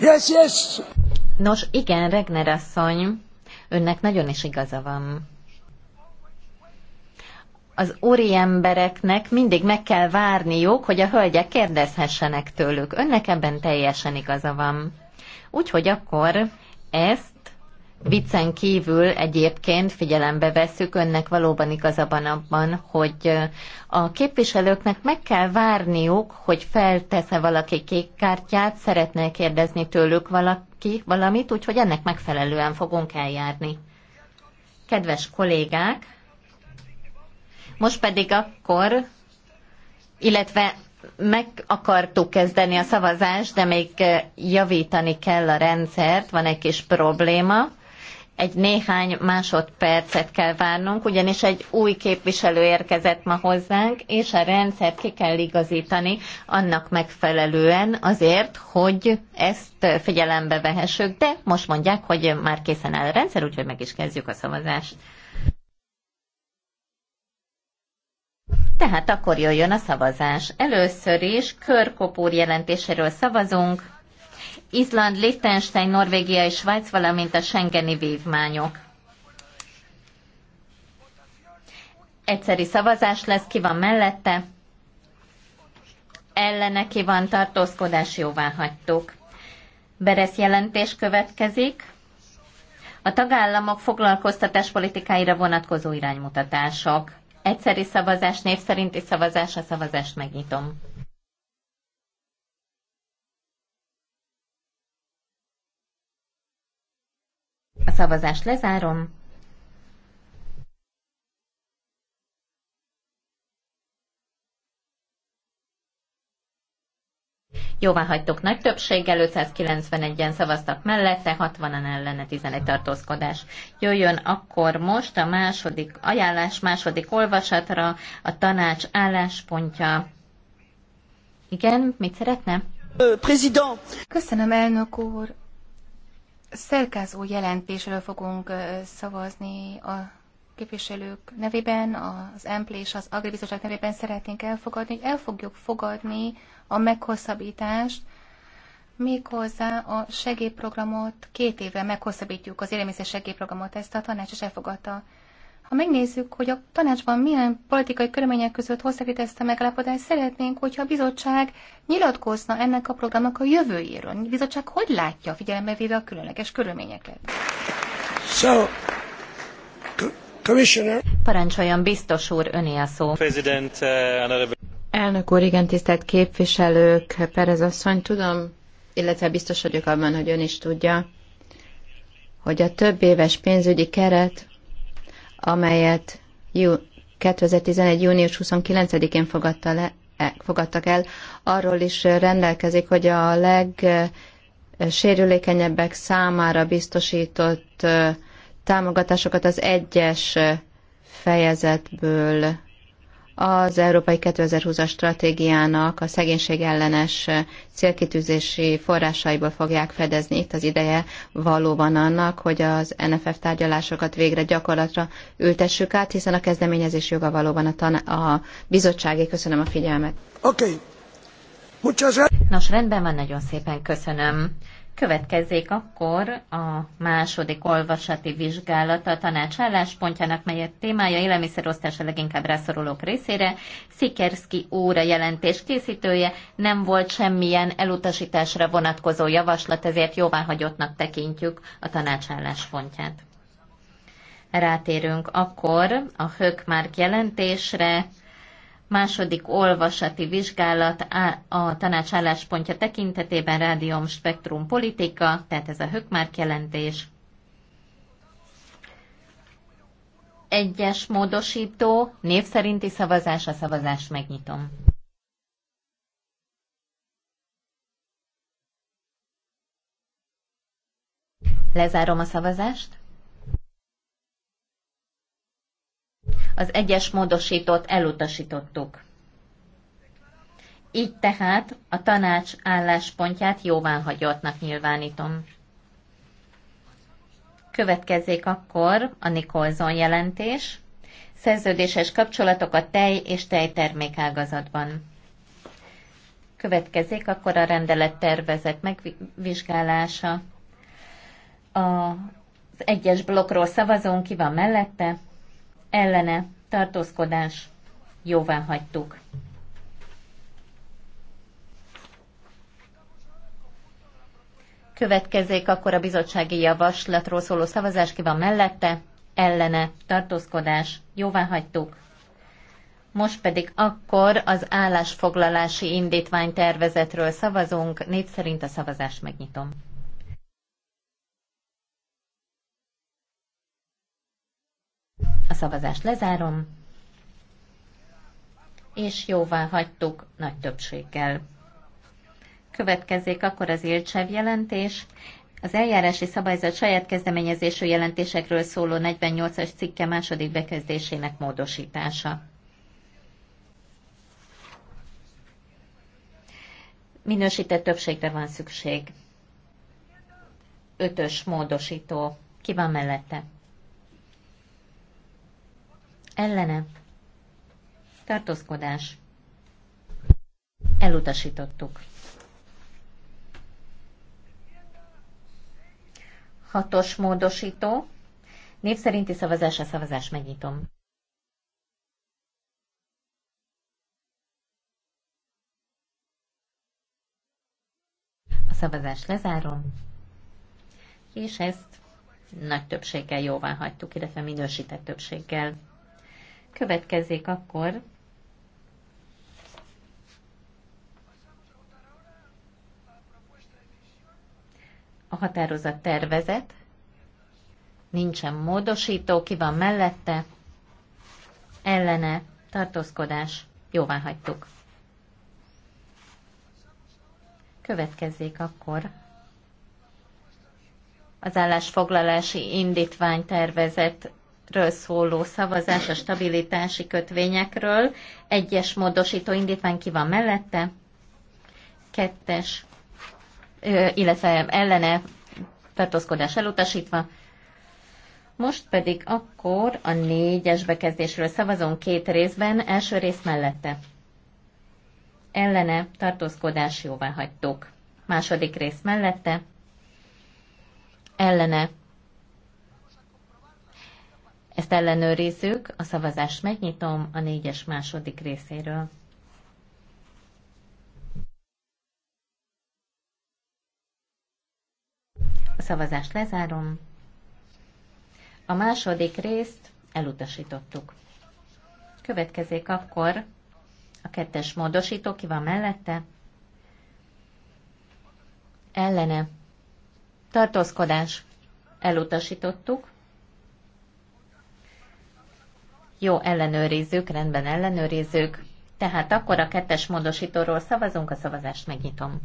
Yes, yes. Nos, igen, Regner asszony, önnek nagyon is igaza van. Az embereknek mindig meg kell várniuk, hogy a hölgyek kérdezhessenek tőlük. Önnek ebben teljesen igaza van. Úgyhogy akkor ezt Viccen kívül egyébként figyelembe veszük, önnek valóban igazabban abban, hogy a képviselőknek meg kell várniuk, hogy feltesze valaki kék kártyát, szeretne kérdezni tőlük valaki valamit, úgyhogy ennek megfelelően fogunk eljárni. Kedves kollégák, most pedig akkor, illetve meg akartuk kezdeni a szavazást, de még javítani kell a rendszert, van egy kis probléma egy néhány másodpercet kell várnunk, ugyanis egy új képviselő érkezett ma hozzánk, és a rendszert ki kell igazítani annak megfelelően azért, hogy ezt figyelembe vehessük, de most mondják, hogy már készen áll a rendszer, úgyhogy meg is kezdjük a szavazást. Tehát akkor jöjjön a szavazás. Először is körkopúr jelentéséről szavazunk. Izland, Liechtenstein, Norvégia és Svájc, valamint a Schengeni vívmányok. Egyszeri szavazás lesz, ki van mellette, ellene ki van tartózkodás, jóvá hagytuk. Beresz jelentés következik. A tagállamok foglalkoztatáspolitikáira vonatkozó iránymutatások. Egyszeri szavazás, név szerinti szavazás, a szavazást megnyitom. szavazást lezárom. Jóvá hagytok nagy többséggel, 591-en szavaztak mellette, 60-an ellene 11 tartózkodás. Jöjjön akkor most a második ajánlás, második olvasatra, a tanács álláspontja. Igen, mit szeretne? President. Köszönöm, elnök úr szerkázó jelentésről fogunk szavazni a képviselők nevében, az EMPL és az Agribizottság nevében szeretnénk elfogadni, hogy el fogjuk fogadni a meghosszabbítást, méghozzá a segélyprogramot két évvel meghosszabbítjuk az élelmiszer segélyprogramot, ezt a tanács is elfogadta ha megnézzük, hogy a tanácsban milyen politikai körülmények között hozzáfít ezt a megállapodást, szeretnénk, hogyha a bizottság nyilatkozna ennek a programnak a jövőjéről. A bizottság hogy látja figyelembe véve a különleges körülményeket? So, commissioner. Parancsoljon, biztos úr, öné a szó. President, uh, another... Elnök úr, igen, tisztelt képviselők, Perez asszony, tudom, illetve biztos vagyok abban, hogy ön is tudja, hogy a több éves pénzügyi keret amelyet 2011. június 29-én fogadta le, e, fogadtak el, arról is rendelkezik, hogy a legsérülékenyebbek számára biztosított támogatásokat az egyes fejezetből az Európai 2020-as stratégiának a szegénység ellenes célkitűzési forrásaiból fogják fedezni. Itt az ideje valóban annak, hogy az NFF tárgyalásokat végre gyakorlatra ültessük át, hiszen a kezdeményezés joga valóban a, tan- a bizottságé. Köszönöm a figyelmet. Oké. Okay. Nos, rendben van, nagyon szépen köszönöm. Következzék akkor a második olvasati vizsgálata a tanács álláspontjának, melyet témája élelmiszerosztása leginkább rászorulók részére. Szikerszki óra jelentés készítője nem volt semmilyen elutasításra vonatkozó javaslat, ezért jóváhagyottnak tekintjük a tanács álláspontját. Rátérünk akkor a Hökmárk jelentésre második olvasati vizsgálat a tanács álláspontja tekintetében rádium spektrum politika, tehát ez a hökmárk jelentés. Egyes módosító, név szerinti szavazás, a szavazást megnyitom. Lezárom a szavazást. az egyes módosítót elutasítottuk. Így tehát a tanács álláspontját jóváhagyottnak nyilvánítom. Következzék akkor a Nikolzon jelentés, szerződéses kapcsolatok a tej és tejtermékágazatban. Következzék akkor a rendelet tervezet megvizsgálása. Az egyes blokkról szavazunk, ki van mellette, ellene tartózkodás jóvá hagytuk. Következzék akkor a bizottsági javaslatról szóló szavazás, ki van mellette, ellene, tartózkodás, jóvá hagytuk. Most pedig akkor az állásfoglalási indítvány tervezetről szavazunk, négy szerint a szavazást megnyitom. szavazást lezárom, és jóvá hagytuk nagy többséggel. Következzék akkor az Ilcsev jelentés. Az eljárási szabályzat saját kezdeményezésű jelentésekről szóló 48-as cikke második bekezdésének módosítása. Minősített többségre van szükség. Ötös módosító. Ki van mellette? ellene, tartózkodás, elutasítottuk. Hatos módosító, név szerinti szavazás, a szavazás megnyitom. A szavazást lezárom, és ezt nagy többséggel jóvá hagytuk, illetve minősített többséggel. Következzék akkor a határozat tervezet, nincsen módosító, ki van mellette, ellene, tartózkodás, jóvá hagytuk. Következzék akkor az állásfoglalási indítvány tervezet ről szóló szavazás a stabilitási kötvényekről. Egyes módosító indítvány ki van mellette, kettes, illetve ellene tartózkodás elutasítva. Most pedig akkor a négyes bekezdésről szavazunk két részben, első rész mellette. Ellene tartózkodás jóvá hagytuk. Második rész mellette. Ellene ezt ellenőrizzük, a szavazást megnyitom a négyes második részéről. A szavazást lezárom. A második részt elutasítottuk. Következik akkor a kettes módosító, ki van mellette? Ellene. Tartózkodás. Elutasítottuk. Jó, ellenőrizzük, rendben ellenőrizzük. Tehát akkor a kettes módosítóról szavazunk, a szavazást megnyitom.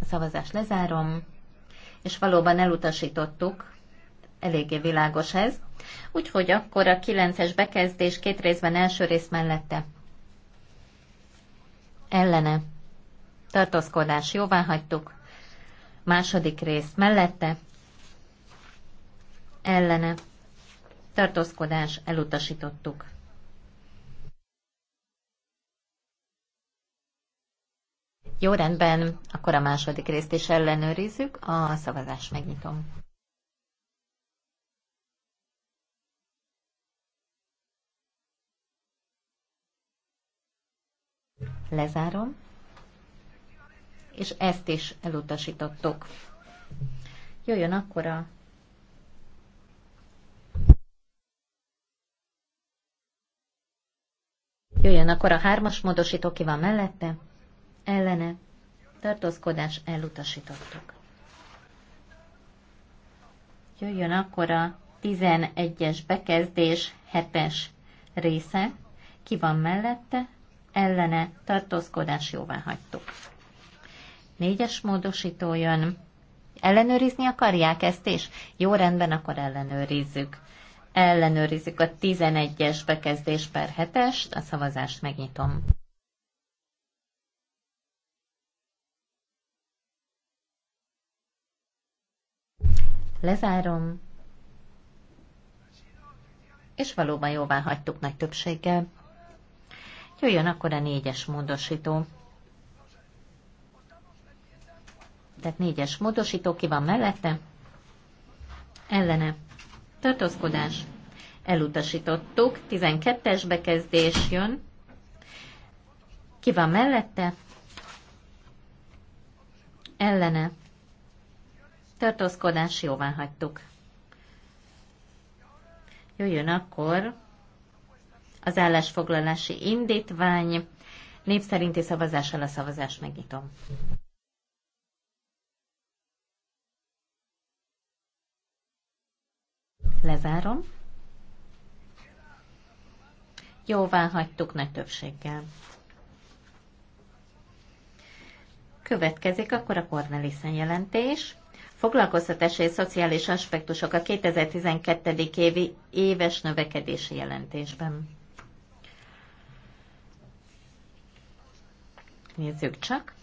A szavazást lezárom, és valóban elutasítottuk, eléggé világos ez. Úgyhogy akkor a 9-es bekezdés két részben első rész mellette. Ellene tartózkodás jóvá hagytuk. Második rész mellette, ellene, tartózkodás elutasítottuk. Jó rendben, akkor a második részt is ellenőrizzük, a szavazást megnyitom. Lezárom és ezt is elutasítottuk. Jöjjön akkor a Jöjjön akkor a hármas módosító, ki van mellette, ellene, tartózkodás, elutasítottuk. Jöjjön akkor a 11-es bekezdés hetes része, ki van mellette, ellene, tartózkodás, jóvá hagytuk. Négyes módosító jön. Ellenőrizni akarják ezt is? Jó rendben, akkor ellenőrizzük. Ellenőrizzük a 11-es bekezdés per hetest, a szavazást megnyitom. Lezárom. És valóban jóvá hagytuk nagy többséggel. Jöjjön akkor a négyes módosító. tehát négyes módosító, ki van mellette, ellene, tartózkodás, elutasítottuk, 12-es bekezdés jön, ki van mellette, ellene, tartózkodás, jóvá hagytuk. Jöjjön akkor az állásfoglalási indítvány, népszerinti szavazással a szavazást megnyitom. Lezárom. Jóvá hagytuk nagy többséggel. Következik akkor a Cornelissen jelentés. Foglalkoztatási és szociális aspektusok a 2012. évi éves növekedési jelentésben. Nézzük csak.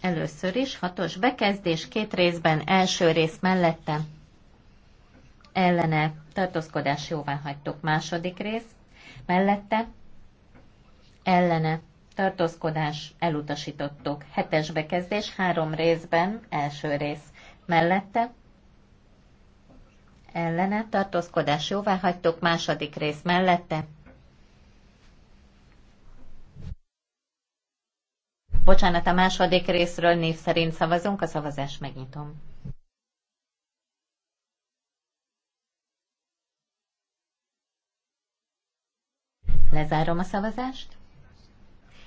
Először is hatos bekezdés két részben, első rész mellette ellene tartózkodás jóvá hagytuk. Második rész mellette ellene tartózkodás elutasítottuk. Hetes bekezdés három részben, első rész mellette ellene tartózkodás jóvá hagytuk. Második rész mellette Bocsánat, a második részről név szerint szavazunk, a szavazást megnyitom. Lezárom a szavazást,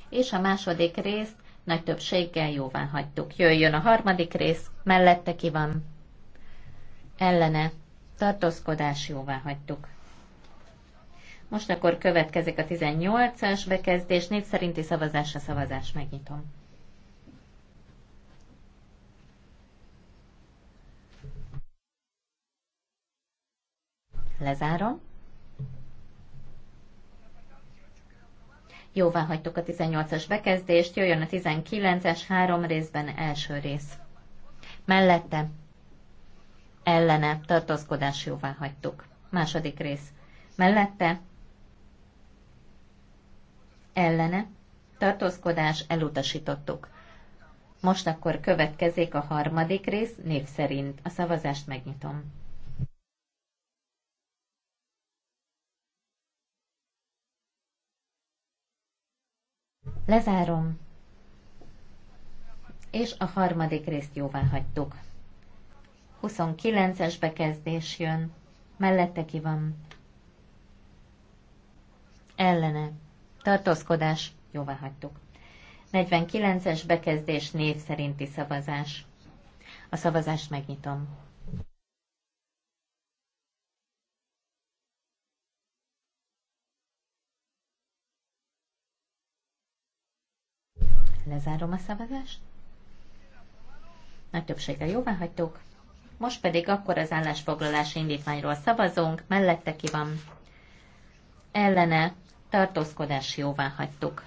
és a második részt nagy többséggel jóvá hagytuk. Jöjjön a harmadik rész, mellette ki van, ellene, tartózkodás jóvá hagytuk. Most akkor következik a 18-as bekezdés, név szerinti szavazásra szavazás megnyitom. Lezárom. Jóvá hagytuk a 18-as bekezdést, jöjjön a 19-es három részben első rész. Mellette ellene tartózkodás jóvá hagytuk. Második rész. Mellette ellene tartózkodás elutasítottuk. Most akkor következik a harmadik rész név szerint. A szavazást megnyitom. Lezárom. És a harmadik részt jóvá hagytuk. 29-es bekezdés jön. Mellette ki van. Ellene. Tartózkodás. Jóvá hagytuk. 49-es bekezdés név szerinti szavazás. A szavazást megnyitom. Lezárom a szavazást. Nagy többséggel jóvá hagytuk. Most pedig akkor az állásfoglalás indítványról szavazunk, mellette ki van ellene tartózkodás jóvá hagytuk.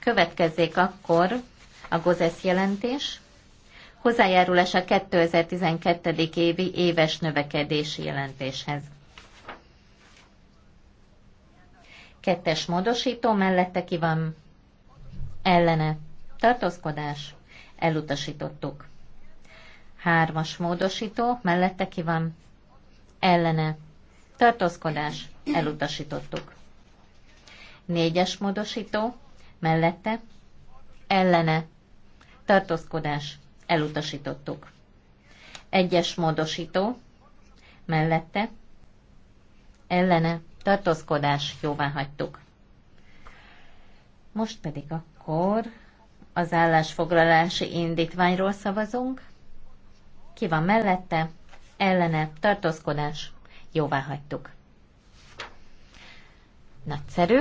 Következzék akkor a GOZESZ jelentés, hozzájárulás a 2012. évi éves növekedési jelentéshez. Kettes módosító mellette ki van ellene tartózkodás, elutasítottuk. Hármas módosító, mellette ki van, ellene, tartózkodás, elutasítottuk. Négyes módosító, mellette, ellene, tartózkodás, elutasítottuk. Egyes módosító, mellette, ellene, tartózkodás, jóvá hagytuk. Most pedig akkor az állásfoglalási indítványról szavazunk. Ki van mellette? Ellene tartózkodás. Jóvá hagytuk. Nagyszerű.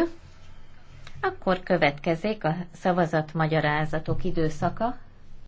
Akkor következik a szavazatmagyarázatok időszaka.